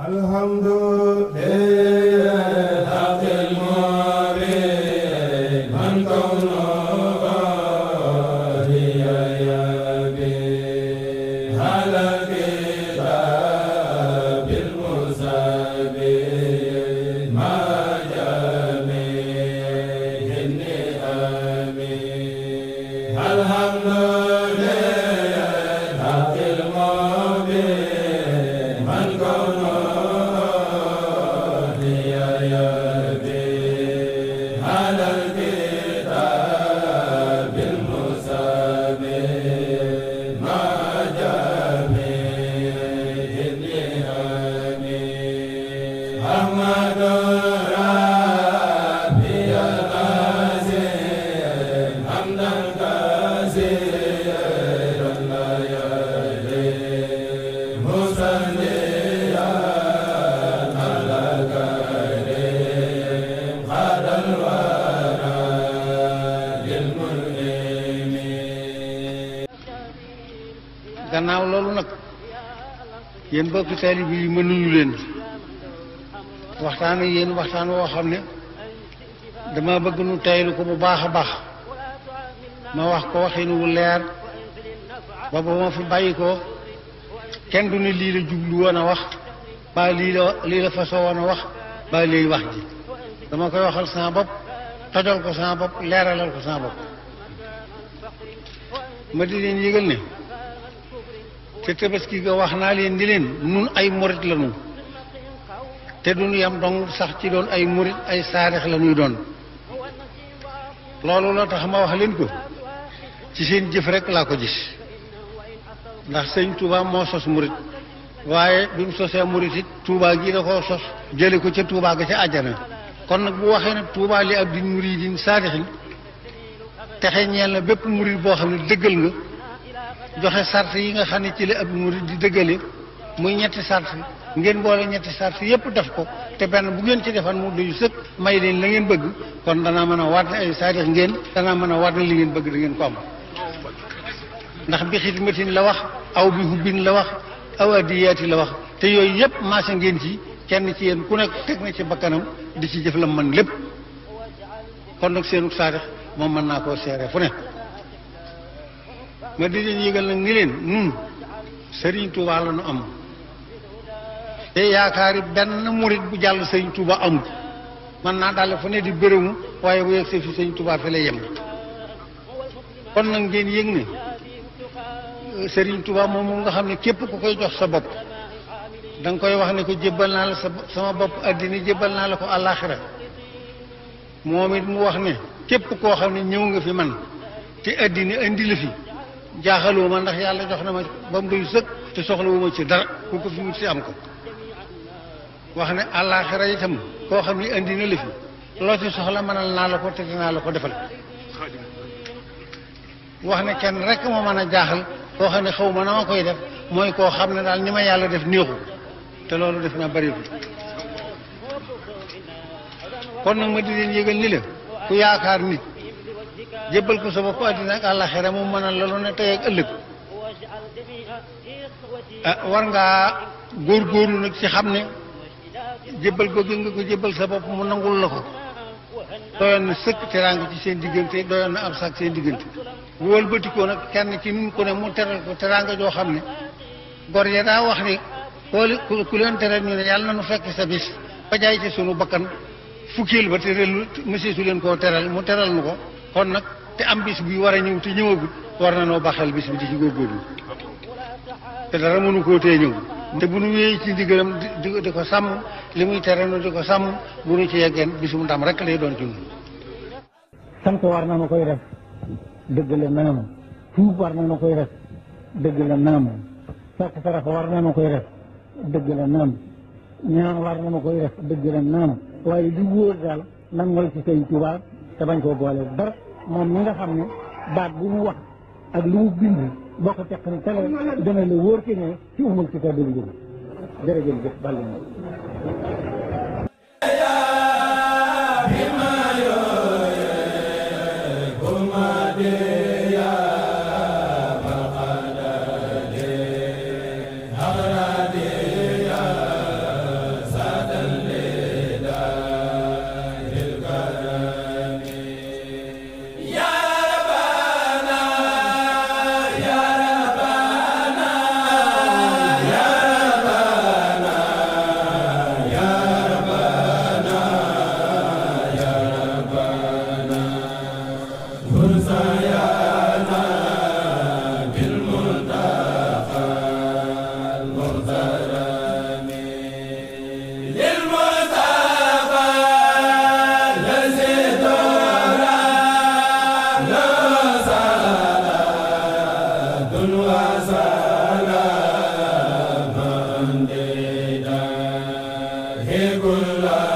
알함두릴라 gannaaw loolu nag yéen bokki taalibe yi mënuñu leen waxtaan ak yéen waxtaan woo xam ne dama bëgg nu taylu ko bu baax a baax ma wax ko waxin wu leer ba ba ma fi bàyyi ko kenn du ne lii la jublu woon a wax ba lii la lii la fasoo woon a wax ba léegi wax ji dama koy waxal sama bopp tojal ko sama bopp leeralal ko sama bopp ma di leen yëgal ne te tabaski ga wax naa leen di leen nun ay morit lanu te duñu yam dong sax ci doon ay murit ay saarix la ñuy doon loolu la tax ma wax leen ko ci seen jëf rek laa ko gis ndax sëñ Touba moo sos murit waaye bi mu sosee murit it Touba gi da koo sos jële ko ca Touba ga ca àjjana kon nag bu waxee ne Touba li ab din muridin saarixin texe ñeel na bépp murit boo xam ne nga joxe sart yi nga xam ne ci la ab murid di dëggale muy ñetti sart ngeen boole ñetti sart yëpp def ko te benn bu ngeen ci defan mu doyu sëkk may leen la ngeen bëgg kon danaa mën a waat ne ay ngeen danaa mën a waat li ngeen bëgg da ngeen ko am ndax bi xidmatin la wax aw bi hubbin la wax aw adiyaati la wax te yooyu yëpp maase ngeen ci kenn ci yéen ku nekk teg na ci bakkanam di ci jëf la mën lépp kon nag seenu saadix moom mën naa koo seere fu ne ma di leen yëgal nag ni leen hmm, sëriñ Tuuba la nu am te yaakaari benn murit bu jàll sëriñ Tuuba am. man naa fu ne di bërëmu waaye bu yegsee fi sëriñ Tuuba fi la yem kon nag ngeen yëg ne sëriñ Tuuba moom nga xam ne képp ku koy jox sa bopp da koy wax ne ko jébbal naa la sama bopp àddina jébbal naa la ko àllaaxira moom mu wax ne képp koo xam ne nga fi man te indi la fi jaaxaloo ma ndax yàlla jox na ma ba mu doy sëkk te soxlawu ma ci dara ku ko fi wut si am ko wax ne àllaaxira itam koo xam ne indi na la loo ci soxla mënal naa la ko te dinaa la ko defal wax ne kenn rek ma mën a jaaxal koo xam ne xaw ma na koy def mooy koo xam ne daal ni ma yàlla def néexu te loolu def naa bëriwul kon nag ma di leen yëgal ni la ku yaakaar nit jébbal ko sa ko àddina ak àllaxira mu mënal a lu ne tey ak ëllëg ah, war góor nu nag ci xam ne jébbal googu nga ko jébbal sa bopp mu nangul la ko doyoon na sëkk teraanga ci seen diggante doyoon na ab sax seen diggante bu wëlbatikoo nag kenn ci nun ko ne mu teral ko teraanga joo xam ne gor ya daa wax ni koo ku leen teral ñu ne yàlla na nu fekk sa bis ba jaay ci sunu bakkan fukkeel ba te relu monsieur su leen koo teral mu teral nu ko kon nak te am bis bi wara ñew te ñëwagut war na no baxal bis bi di ci góorgóorlu te dara mënu ko te ñew te bu ñu wéy ci digëram di di ko sam limuy téré no de ko sam bu ñu ci yeggeen bisum ndam rek lay doon ci ñun sant war na ma koy def dëgg la na ma fu war na ma koy def dëgg la na ma sàkk sarax war na ma koy def dëgg la na ma ñaan war na ma koy def dëgg la na ma waaye di wóor dal nangol ci sey tuba te bañ ko boole dara moom mi nga xam ne baat bu mu wax ak lu mu bind boo ko teqali tele dana la wóor ki ne ci umul ci ko dëgg jërëjëf jërëjëf jëf bàll كل